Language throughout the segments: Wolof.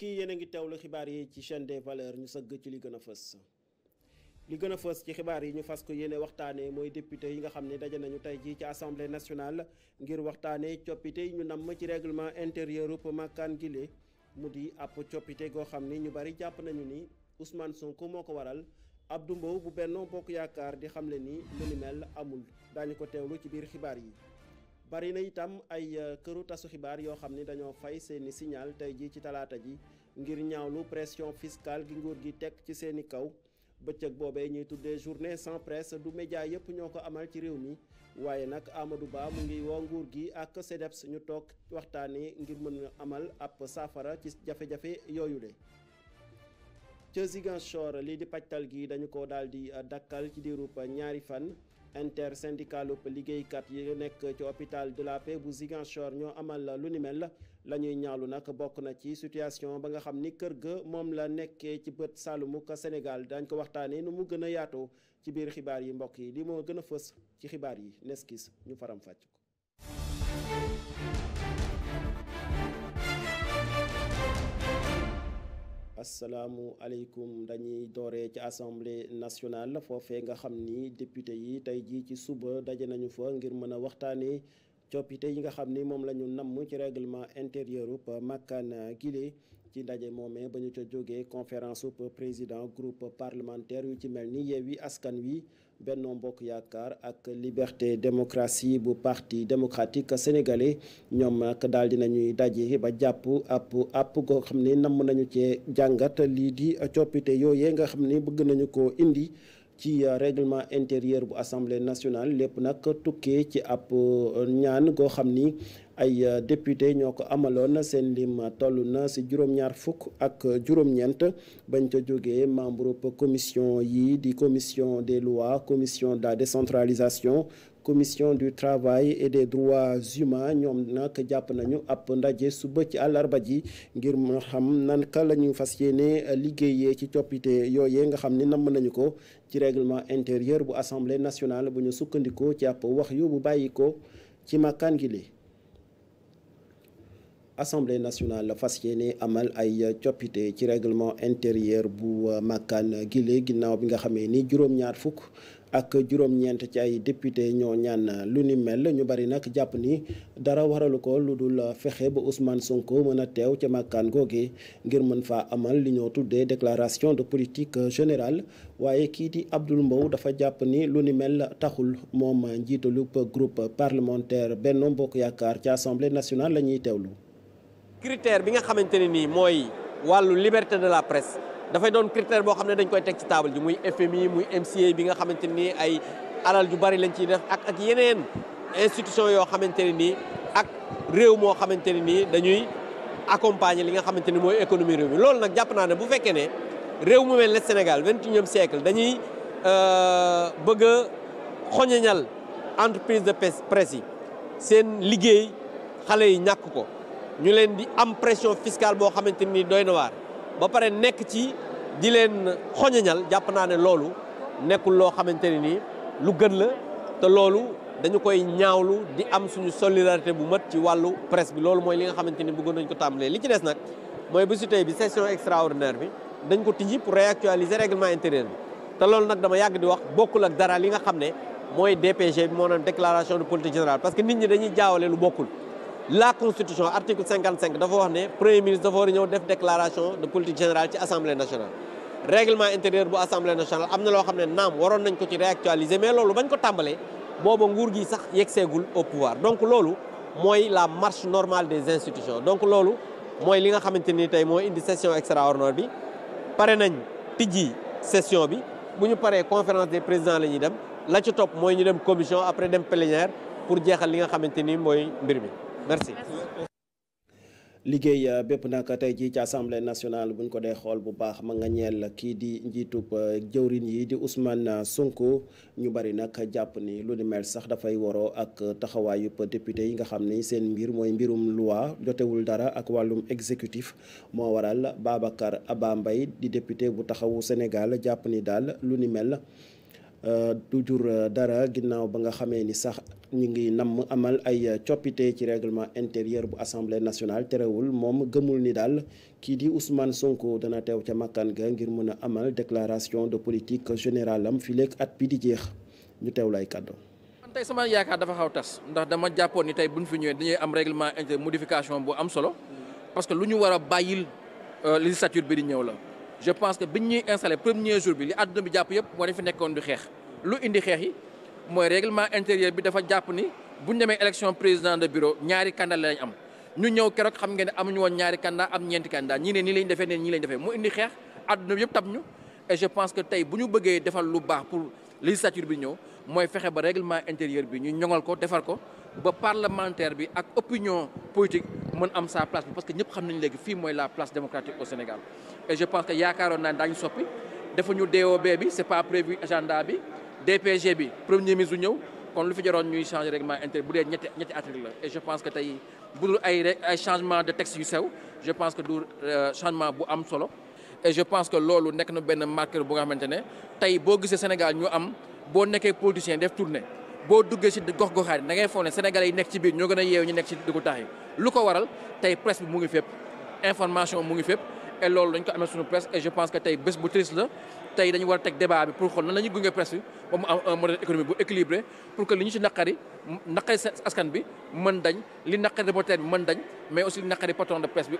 mbokk yi yéen a ngi teewlu xibaar yi ci chaîne des valeur ñu sëgg ci li gën a fës li gën a fës ci xibaar yi ñu fas ko yéene waxtaanee mooy député yi nga xam ne daje nañu tey jii ci assemblée nationale ngir waxtaanee coppite yi ñu namm ci règlement intérieur pour makkaan gile mu di ab coppite goo xam ni ñu bari jàpp nañu ni Ousmane Sonko moo ko waral Abdou Mbow bu Benno Bokk Yaakaar di xamle ni lu amul daañu ko teewlu ci biir xibaar yi. bari na itam ay euh, këru tasu xibaar yoo xam ni dañoo fay seeni signal tey jii ci talaata ji ngir ñaawlu pression fiscale gi nguur gi teg ci seeni kaw bëccëg boobee ñuy tudde journée sans presse du média yëpp ñoo ko amal ci réew mi waaye nag Amadou Ba mu ngi woo nguur gi ak CDEPS ñu toog waxtaanee ngir mën a amal ab saafara ci jafe-jafe yooyu le ca Ziguinchor lii di pajtal gi dañu ko daal di euh, dakkal ci diirub ñaari fan. intersyndicalu liggéeykat yi nekk ci hôpital de la Paix bu Ziguinchor ñoo amal lu ni mel la ñuy ñaalu nag bokk na ci situation ba nga xam ni kër ga moom la nekkee ci bët saalumuk senegal dañ ko waxtaanee nu mu gëna yaatoo ci biir xibaar yi mbokk yi li moo gën a fës ci xibaar yi nes gis ñu faram fàcc ko aleykum dañuy doore ci assemblée nationale foofee nga xam ni député yi tey jii ci suba daje nañu fa ngir mën a waxtaanee. coppite yi nga xam ni moom la ñu namm ci règlement intérieur u makkaan gile ci ndaje moomee ba ñu ca jógee conférence u président groupe parlementaire yu ci mel ni Yewwi Askan Wi Benno mbokk Yaakaar ak Liberté Démocratie bu parti démocratique sénégalais ñoom nag daal di nañuy daje ba jàpp ab app goo xam ni namm nañu cee jàngat lii di coppite yooyee nga xam ni bëgg nañu ko indi ci euh, règlement intérieur bu assemblée nationale lépp nag tukkee ci ab euh, ñaan goo xam ni ay euh, député ñoo ko amaloon seen lim toll na si juróom-ñaar fukk ak juróom-ñeent bañ ca jógee membre commission yi di commission des lois commission de la décentralisation commission du travail et des droits humains ñoom nag jàpp nañu ab ndaje suba ci àllarba ji ngir mën a xam nanka la ñu fas yéene liggéeyee ci coppite yooyee nga xam ni namm nañu ko ci règlement intérieur bu assemblée nationale bu ñu sukkandikoo ci ab wax yu bu bàyyi ko ci màkkaan gi li assemblée nationale la fas yéene amal ay coppite ci réglement intérieur bu euh, makkaan gile ginnaaw bi nga xamee ni juróom-ñaar fukk ak juróom-ñeent ci ay député ñoo ñaan lu ni mel ñu bari nag jàpp ni dara waralu ko lu dul fexe ba Ousmane Sonko mën a teew ca màkkaan googe ngir mën faa amal li ñoo tuddee déclaration de politique générale waaye kii di Abdoul Mbow dafa jàpp ni lu ni mel taxul moom njiitalub groupe parlementaire benn Bokk Yaakaar ca Assemblée nationale la ñuy teewlu. critère bi nga xamante ne nii mooy wàllu liberté de la presse dafay doon critère boo xam ne dañ koy teg ci table ji muy FMI muy MCA bi nga xamante ne nii ay alal ju bari lañ ciy def ak ak yeneen institution yoo xamante ne nii ak réew moo xamante ni nii dañuy accompagner li nga xamante ni mooy économie réew mi loolu nag jàpp naa ne bu fekkee ne réew mu mel ne Sénégal vingt et unième siècle dañuy euh, bëgg a xoñoñal entreprise de presse yi seen liggéey xale yi ñàkk ko ñu leen di am pression fiscale boo xamante ni doy na waar ba pare nekk ci di leen xoñoñal jàpp naa ne loolu nekkul loo xamante ne nii lu gën la te loolu dañu koy ñaawlu di am suñu solidarité bu mat ci wàllu presse bi loolu mooy li nga xamante ni bëggoon nañ ko tàmbalee li ci des nag mooy bésu tey bi session extraordinaire bi dañ ko tijji pour réactualiser règlement intérieur bi te loolu nag dama yàgg di wax bokkul ak dara li nga xam ne mooy DPG bi moo naan déclaration de politique générale parce que nit ñi dañuy jaawale lu bokkul la constitution article 55 dafa wax ne premier ministre dafa war a ñëw def déclaration de politique générale ci assemblée nationale règlement intérieur bu assemblée nationale am na loo xam ne naam waroon nañ ko ci réactualiser mais loolu bañ ko tàmbalee booba nguur gi sax yeggseegul au pouvoir donc loolu mooy la marche normale des institutions donc loolu mooy li nga xamante ni tey moo indi session extraordinaire bi pare nañ tijji session bi bu ñu paree conférence des présidents la ñuy dem la ci topp mooy ñu dem commission après dem plénière pour jeexal li nga xamante ni mooy mbir mi merci. Euh, bépp nag tey jii ci assemblée nationale buñ ko dee xool bu baax ma nga ñeel kii di njiitu euh, jëwrin yi di Ousmane euh, Sonko ñu bari nag jàpp ni lu ni mel sax dafay waroo ak taxawaayub député yi nga xam ni seen mbir mooy mbirum loi jotewul dara ak wàllum exécutif moo waral Babacar Aba mbay di député bu taxawu Sénégal jàpp ni daal lu ni mel. toujours euh, euh, dara ginnaaw ba nga xamee ni sax ñu ngi namm amal ay euh, coppite ci réglement intérieur bu assemblée nationale terewul moom gëmul ni daal kii di Ousmane Sonko dana teew ca makkaan ga ngir mën a amal déclaration de politique générale am fi léegi at bi di jeex ñu teew lay kàddu. man tey sama yaakaar dafa xaw tas ndax dama jàppoon ni tey ñu fi ñëwee dañuy am règlement intérieur modification bu am solo parce que lu ñu war a bàyyil législature bi di ñëw la. je pense que bi ñuy installé premier jour bi li àdduna bi jàpp yëpp moo dafa nekkoon du xeex lu indi xeex yi mooy règlement intérieur bi dafa jàpp ni bu ñu demee élection président de bureau ñaari candidat lañ am ñu ñëw keroog xam ngeen ne amuñu woon ñaari candidat am ñeenti candidat ñii ne nii lañ defee ne ñii lañ defee mu indi xeex àdduna bi yëpp tam ñu et je pense que tey bu ñu bëggee defal lu baax pour législature bi ñëw mooy fexe ba règlement intérieur bi ñu ñoŋal ko defar ko ba parlementaire bi ak opinion politique mën am sa place parce que ñëpp xam nañu léegi fii mooy la place démocratique au Sénégal et je pense que yaakaaroon naa daañu soppi dafa ñu DOB bi c'est pas prévu agenda bi DPG bi premier ministre du ñëw kon lu fi jaroon ñuy changer règlement intérieur bu dee ñetti ñetti article la et je pense que tey bu dul ay ay changement de texte yu sew je pense que du euh, changement bu am solo et je pense que loolu nekk na benn marqueur bu nga xamante ne tey boo gisee Sénégal ñu am boo nekkee politicien def tournée boo duggee si gox goxaan da ngay foog ne sénégalais yi nekk ci biir ñoo gën a yeewu ñu nekk ci diggu taax yi lu ko waral tey presse bi mu ngi fépp information mu ngi fépp et loolu dañ ko amee suñu presse et je pense que tey bés bu triste la tey dañu war a teg débat bi pour xool nan la ñuy gunge presse bi ba mu am un modèle bu équilibré pour que li ñu ci naqari naqari askan bi mën dañ li naqari reporter bi mën dañ mais aussi li naqari patron de presse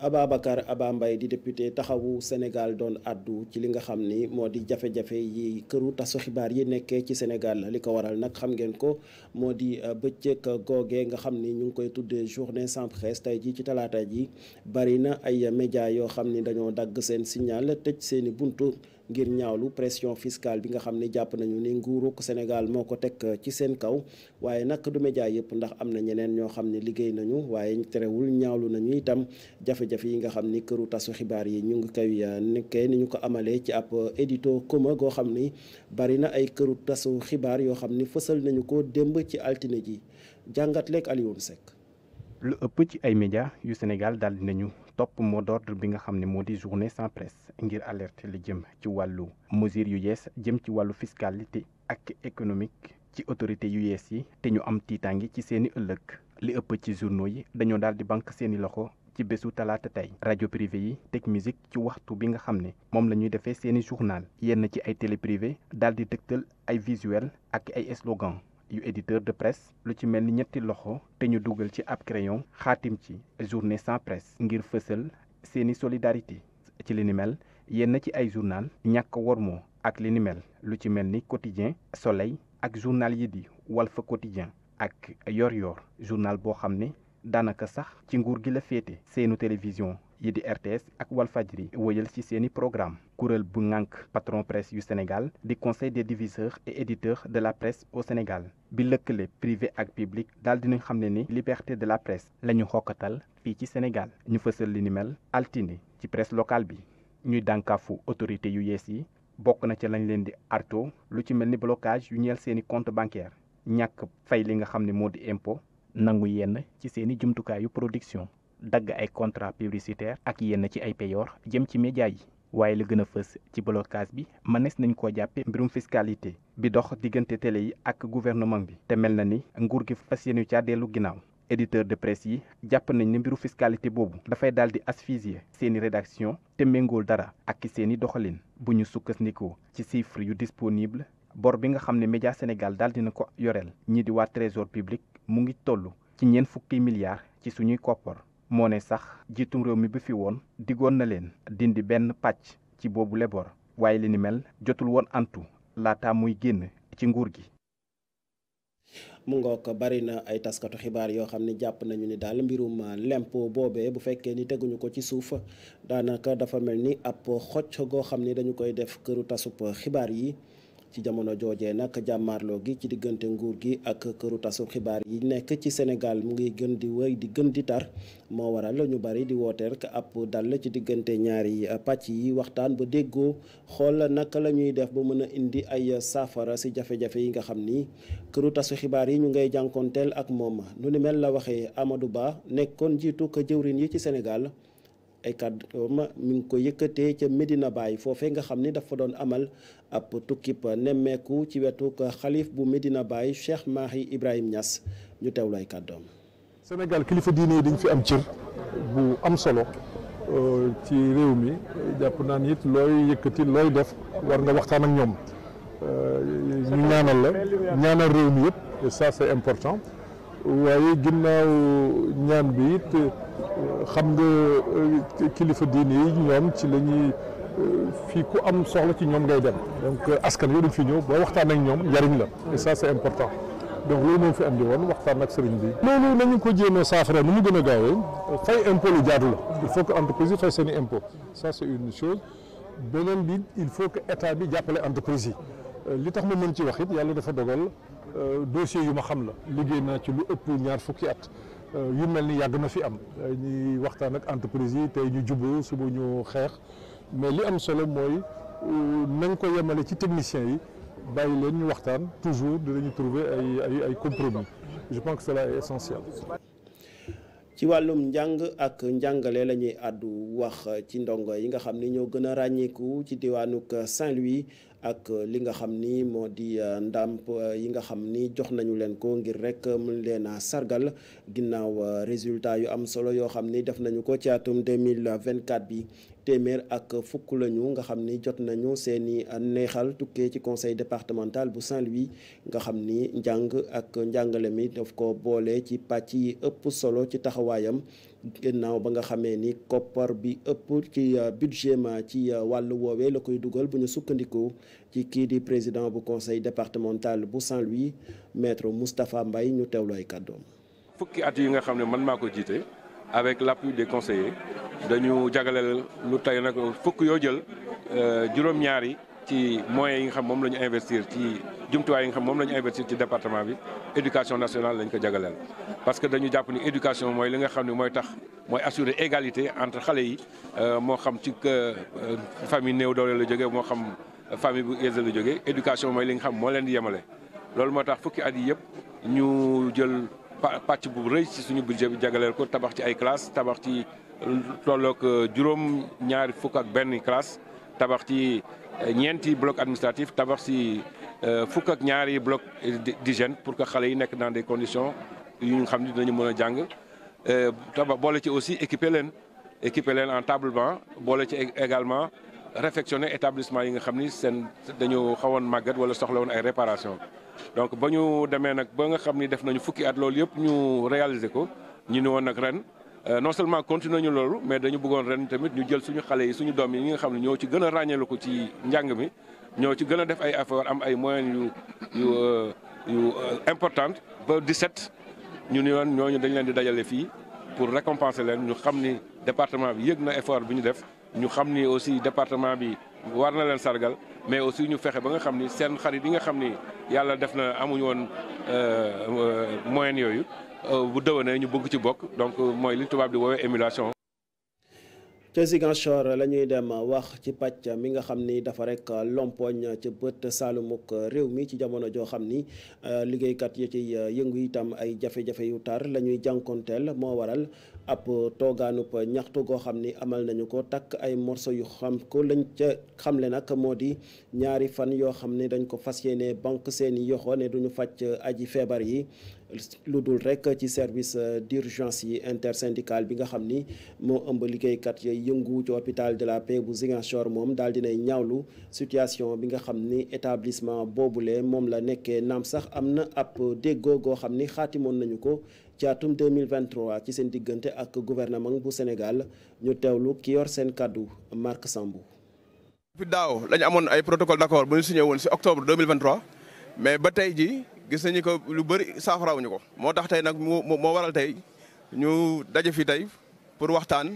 Ababacar Aba Mbaye di député taxawu Sénégal doon àddu ci li nga xam ni moo di jafe-jafe yi këru tasu xibaar yi nekkee ci Sénégal li ko waral nag xam ngeen ko moo di euh, bëccëg googee nga xam ni ñu ngi koy tuddee journée sans presse tey jii ci talaata ji bari na ay médias yoo xam ni dañoo dagg seen signaal tëj seeni buntu ngir ñaawlu pression fiscale bi nga xam ne jàpp nañu ni nguuruk Sénégal moo ko teg euh, ci seen kaw waaye nag du média yëpp ndax am na ñeneen ñoo xam ne liggéey nañu waaye terewul ñaawlu nañu itam jafe-jafe yi nga xam ni këru tasu xibaar yi ñu ngi koy euh, nekkee ni ñu ko amalee ci ab euh, édito commun goo xam ni bari na ay këru tasu xibaar yoo xam ni fësal nañu ko démb ci altine ji jàngat leeg Alioune sekk lu ëpp ci ay médias yu Sénégal daal nañu topp mot d'ordre bi nga xam ne moo di journée sans presse ngir alerte li jëm ci wàllu mesure yu yees jëm ci wàllu fiscalité ak économique ci autorité yu yees yi te ñu am tiitaange ci seeni ëllëg li ëpp ci journaux yi dañoo daal di banque seeni loxo ci bésu talaata tey rajo privé yi teg musique ci waxtu bi nga xam ne moom la ñuy defee seeni journal yenn ci ay télé privé daal di dëgtal ay visuel ak ay slogan yu éditeur de presse lu ci mel ni ñetti loxo te ñu dugal ci ab crayon xaatim ci journée sans presse ngir fësal seeni solidarité ci li ni yenn ci ay journal ñàkk wormo ak li lu ci mel ni quotidien soleil ak journal yi di Walf Quotidien ak yoryor yor journal boo xam ne daanaka sax ci nguur gi la féete seenu télévision yi di RTS ak Walfadjri wëyal ci seeni programme kuréel bu ŋànk patron presse yu Sénégal di conseil des diviseurs et éditeurs de la presse au Sénégal bi lëkkale privé ak public daal dinañ xam ne ni liberté de la presse la ñu xokkatal fii ci Sénégal ñu fësal li ni mel altine ci presse locale bi ñuy dànkaafu autorité yu yees yi bokk na ca lañ leen di arto lu ci mel ni blocage yu ñeel seeni compte bancaire ñàkk fay li nga xam ne moo di impôt nangu yenn ci seeni jumtukaayu production dagg ay contrat publicitaire ak yenn ci ay payoor jëm ci média yi waaye la gën a fës ci blocage bi mënees nañ koo jàppe mbirum fiscalité bi dox diggante tele yi ak gouvernement bi te mel na ni nguur gi fas yéenu caa dellu ginnaaw éditeur de presse yi jàpp nañ ne mbiru fiscalité boobu dafay daal di asphyxier seeni rédaction te méngool dara ak seeni doxalin bu ñu sukkandikoo ci chiffre yu disponible bor bi nga xam ne média Sénégal daal na ko yoreel ñii di waa trésor mu ngi toll ci ñeent fukki milliards ci suñuy koppar moo ne sax jiitum réew mi bi fi woon diggoon na leen dindi benn pàcc ci boobu leboor waaye li ni mel jotul woon antu laata muy génn ci nguur gi mu ngoog bari na ay taskatu xibaar yoo xam ne jàpp nañu ni daal mbirum lemp boobee bu fekkee ni teguñu ko ci suuf daanaka dafa mel ni ab xocc goo xam ne dañu koy def këru tasub xibaar yi ci jamono joojee nag jàmmaarloo gi ci diggante nguur gi ak këru tasu xibaar yi nekk ci Sénégal mu ngi gën di wéy di gën di tar moo waral ñu bari di wooteer ak ab dal ci diggante ñaari pàcc yi waxtaan ba déggoo xool naka la ñuy def ba mën a indi ay saafara si jafe-jafe yi nga xam ni këru tasu xibaar yi ñu ngay jànkoonteel ak moom nu ni mel la waxee Amadou Ba nekkoon njiitu ko jëwrin yi ci Sénégal ay kàddoom mi ngi ko yëkkatee ca médina Baye foofee nga xam ni dafa doon amal ab tukkib nemmeeku ci wetu xalif bu médina Baye Cheikh Mahi Ibrahim ñas ñu teewlu ay kàddoom. Sénégal kilifa diine yi dañ fi am cër bu am solo euh, ci réew mi jàpp naa ni looy yëkkati looy def war nga waxtaan ak ñoom euh, ñu ñaanal la ñaanal réew mi yëpp et ça c'est important. waaye ginnaaw ñaan bi it xam nga euh, kilifa diine yi ñoom ci la ñuy euh, fii ku am soxla ci ñoom ngay dem donc euh, askan wi dañ fi ñëw boo waxtaan ak ñoom njariñ la et ça c'est important donc moom fi andi woon waxtaan ak sëriñ bi. loolu nañu ko jéem a saafara nu mu gën a gaawee fay impôt lu jaadu la il faut que entreprise yi fay seen i impôt ça c'est une chose beneen bi il faut que état bi jàppale entreprise yi li tax ma mën ci wax it yàlla dafa dogal. Euh, dossier yu ma xam la liggéey naa ci lu ëpp ñaar fukki at euh, yu mel ni yàgg na fi am euh, ñuy waxtaan ak entreprise yi tey ñu juboo suba ñu xeex mais li am solo mooy nañ ko yemale ci techniciens yi bàyyi leen ñu waxtaan toujours di dinañu trouver ay ay ay compromis je pense que cela est essentiel ci wàllum njàng ak njàngale la ñuy àddu wax ci ndongo yi nga xam ni ñoo gën a ràññeeku ci diwaanuk Saint-Louis ak li nga xam ni moo di euh, ndàmp euh, yi nga xam ni jox nañu leen ko ngir rek mën leen a sargal ginnaaw euh, résultat yu am solo yoo xam ni def nañu ko ci atum deux mille vingt 2024 bi téeméer ak fukk lañu nga xam ni jot nañu seen i neexal tukkee ci conseil départemental bu Saint-Louis nga xam ni njàng ak njàngale mi daf ko boole ci pàcc yi ëpp solo ci taxawaayam gannaaw ba nga xamee ni koppar bi ëpp ci euh, budget ma ci euh, wàllu woowee la koy dugal bu ñu sukkandiku ci kii di président bu conseil départemental bu Saint-Louis maître Moustapha mbay ñu teewlooy kàddoom avec l'appui des conseillers dañu jagaleel lu tey nag fukk yoo jël euh, juróom ñaari ci moyens yi nga xam moom la ñu investir ci jumtuwaay yi nga xam moom la ñu investir ci département bi éducation nationale lañ ko jagaleel. parce que dañu jàpp ni éducation mooy li nga xam ne mooy tax mooy assurer égalité entre xale yi euh, moo xam ci euh, famille néew doole la jógee moo xam famille bu aisée la éducation mooy li nga xam moo leen di yemale loolu moo tax fukki at yi yëpp ñu jël. pàcc bu rëy si suñu budget bi jagaleel ko tabax ci ay classe tabax ci tollook euh, juróom ñaari fukk ak benn classe tabax ci euh, ñeenti bloc administratif tabax ci euh, fukk ak ñaari bloc d'hygiène pour que xale yi nekk dans des conditions yu ñu xam ni dañu mën a jàng tabax boole ci aussi équiper leen équiper leen en tablement boole ci également réfectionner établissement yi nga xam ni seen dañu xawoon màggat wala soxla woon ay réparation donc ba ñu demee nag ba nga xam ni def nañu fukki at loolu yëpp ñu réaliser ko ñu ni woon nag ren euh, non seulement continuer ñu loolu mais dañu bëggoon ren tamit ñu jël suñu xale yi suñu doom yi ñi nga xam ne ñoo ci gën a ràññeelu ko ci njàng mi ñoo ci gën a def ay effort am ay moyens yu yu euh, yu euh, importante ba 17 ñu ni woon ñooñu dañ leen di dajale fii pour récompenser leen ñu xam ni département bi yëg na effort bi ñu def ñu xam ni aussi département bi war na leen sargal mais aussi ñu fexe ba nga xam ni seen xarit yi nga xam ni yàlla def na amuñu woon euh, euh, moyen yooyu euh, bu dëwënee ñu bëgg ci bokk donc mooy li tubaab di woowee émulation. ca Ziguinchor la ñuy dem wax ci pàcc mi nga xam ni dafa rekk lompoñ ca bët saalumuk réew mi ci jamono joo xam ni euh, liggéeykat yi ci euh, yëngu itam ay jafe-jafe yu tar la ñuy jànkonteel moo waral ab toogaanub ñaxtu goo xam ni amal nañu ko takk ay morso yu xam ko lañ ca xamle nag moo di ñaari fan yoo xam ni dañ ko fas yéene banque seeni yoxo ne duñu faj aji feebar yi lu dul rek ci service euh, d'urgence yi intersyndical bi nga xam ni moo ëmb liggéeykat yooyu yëngu ci hôpital de la Paix bu Ziguinchor moom daal dinay ñaawlu situation bi nga xam ni établissement boobule moom la nekkee naam sax am na ab déggoo goo xam ni xaatimoon nañu ko ci atum 2023 ci seen diggante ak gouvernement bu Sénégal ñu teewlu ki yor seen kàddu Marc Sambou fi daaw lañu amoon ay protocole d'accord bu ñu signé woon ci octobre 2023 mais ba tey ji gis nañu ko lu bëri saafarawuñu ko moo tax tey nag moo moo waral tey ñu daje fii tey pour waxtaan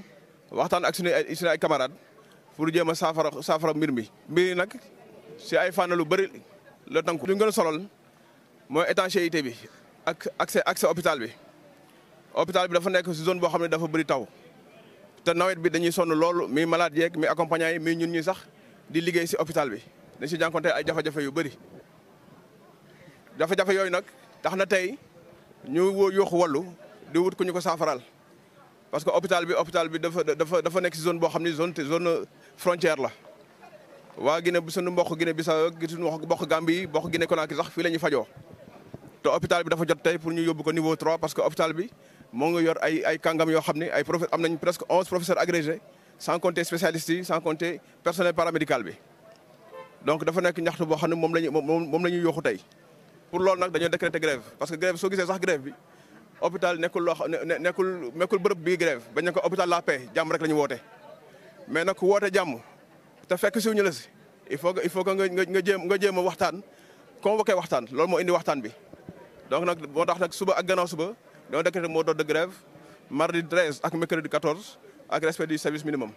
waxtaan ak suñu ay suñu ay camarades pour jéem a saafara saafara mbir mi. mbir nag si ay fànn lu bëri la tànku. lu gën a solol mooy étanchéité bi ak accès accès hôpital bi hôpital bi dafa nekk si zone boo xam ne dafa bëri taw te nawet bi dañuy sonn loolu mi malaat yeeg mi accompagnant yi mi ñun ñi sax di liggéey si hôpital bi dañ si jànkoonte ay jafe-jafe yu bëri. jafe-jafe yooyu nag tax na tey ñu yooxu wallu di wut ku ñu ko saafaral parce que hôpital bi hôpital bi dafa dafa dafa nekk si zone boo xam ni zone zone frontière la waa Guinée bi suñu mbokk Guinée Bissau suñu mbokk Gambie mbokk Guinée Conakry sax fii la ñuy fajoo te hôpital bi dafa jot tey pour ñu yóbbu ko niveau 3 parce que hôpital bi moo ngi yor ay ay kàngam yoo xam ne ay prof am nañ presque onze professeurs agrégés sans compter spécialistes yi sans personnel paramédical bi donc dafa nekk ñaxtu boo xam ne moom la ñu moom la ñuy yooxu tey pour loolu nag dañoo décréter grève parce que grève soo gisee sax grève bi hôpital nekkul loo xam ne nekkul nekkul bërëb bii grève bañ ne ko hôpital la paix jàmm rek la woote mais nag woote jàmm te fekk siw ñu si il faut il faut que nga nga jéem nga jéem a waxtaan convoqué waxtaan loolu moo indi waxtaan bi donc nag moo tax nag suba ak gannaaw suba dañoo décréter moo doon de grève mardi 13 ak mercredi 14 ak respect du service minimum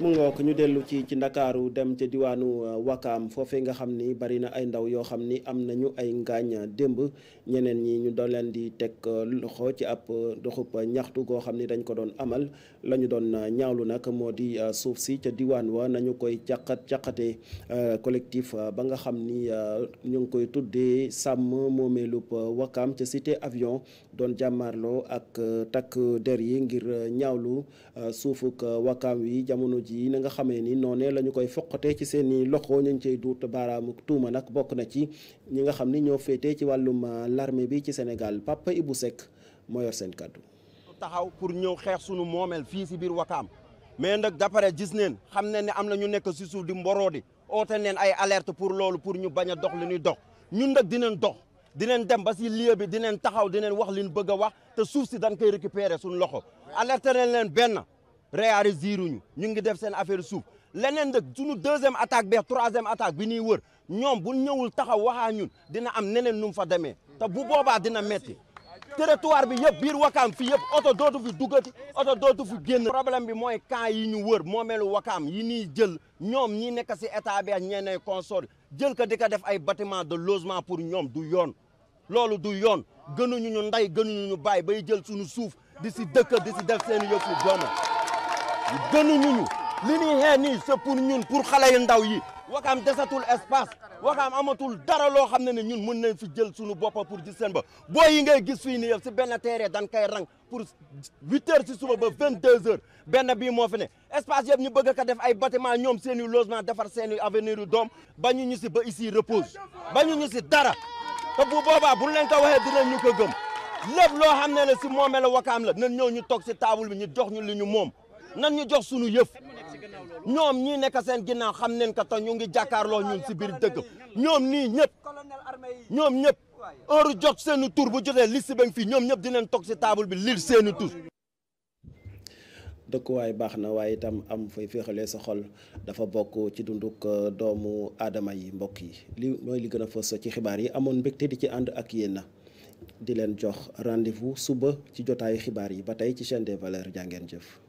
mu ngook ñu dellu ci ci ndakaaru dem ca diwaanu uh, Wakaam foofee nga xam ni bari na ay ndaw yoo xam ni am nañu ay ngaañ démb ñeneen ñi ñu doon leen di teg uh, loxo ci ab uh, doxub ñaxtu goo xam ni dañ ko doon amal la ñu doon ñaawlu nag moo di suuf si ca diwaan wa nañu koy caqat caqatee collectif ba nga xam ni ñu ngi koy tuddee sàmm moomeelu Wakaam ca cité avion doon jàmmaarloo ak takk der yi ngir ñaawlu suufuk Wakaam wi jamono jamono jii na nga xamee ni noonee la ñu koy foqatee ci seen i loxo ñu ngi cay duut baaraamu tuuma nag bokk na ci ñi nga xam ni ñoo féetee ci wàllum euh, l'armée bi ci Sénégal Papa Ibou sekk moo yor seen kàddu taxaw pour ñëw xeex sunu moomeel fii si biir Wakaam mais nag d'après gis neen xam ne ne am na ñu nekk si suuf di mboroo di oote neen ay alerte pour loolu pour ñu bañ a dox li ñuy dox ñun nag dinañ dox dinañ dem ba si lieu bi dinañ taxaw dinañ wax li ñu bëgg a wax te suuf si dañ koy récupérer suñu loxo réaliser ñu ñu ngi def seen affaire suuf leneen nag suñu deuxième attaque beex troisième attaque bi ñuy wër ñoom bu ñëwul taxaw waxaa ñun dina am neneen nu mu fa demee te bu boobaa dina metti territoire bi yëpp biir wakaam fii yëpp oto dootu fi duggati oto dootu fi génn problème bi mooy camp yi ñu wër moomeelu wakaam yi ñuy jël ñoom ñi nekk si état bi ak ñeneen consort jël ko di ko def ay bâtiment de logement pour ñoom du yoon loolu du yoon gënuñu ñu ndey gënuñu ñu bàyyi bay jël suñu suuf di si dëkk di si def gënuñu ñu li ñuy xee nii pour ñun pour xale ndaw yi wakaam desatul espace wakaam amatul dara loo xam ne ne ñun mën nañ fi jël suñu boppa pour gis seen ba boo yi ngay gis fii nii yëpp si benn terrain dañ koy pour huit heures suba ba vingt deux heures benn bii moo fi ne espace ñu bëgg ko def ay bâtiment ñoom seen i defar seen i doom bañu ñu si ba ici repose bañu ñu si dara te bu boobaa buñ leen ko waxee dinañ ñu ko gëm lépp loo xam ne ne si moomee la wakaam la nan ñëw ñu toog si table bi ñu jox ñu li ñu moom nan ñu jox sunu yëf ñoom ñii nekk seen ginnaaw xam neen ka te ñu ngi jàkkaarloo ñun si biir dëgg ñoom nii ñëpp ñoom ñëpp heure jot seeni tur bu jotee liste ba fii ñoom ñëpp dinañ toog si table bi lire seeni tur dëkkuwaay baax na waaye itam am fay féexalee sa xol dafa bokk ci dunduk euh, doomu aadama yi mbokk yi li mooy li gën a fës ci xibaar yi amoon mbégte di ci ànd ak yéen di leen jox rendez-vous suba ci jotaayu xibaar yi ba tey ci chaîne des valeurs jàngeen jëf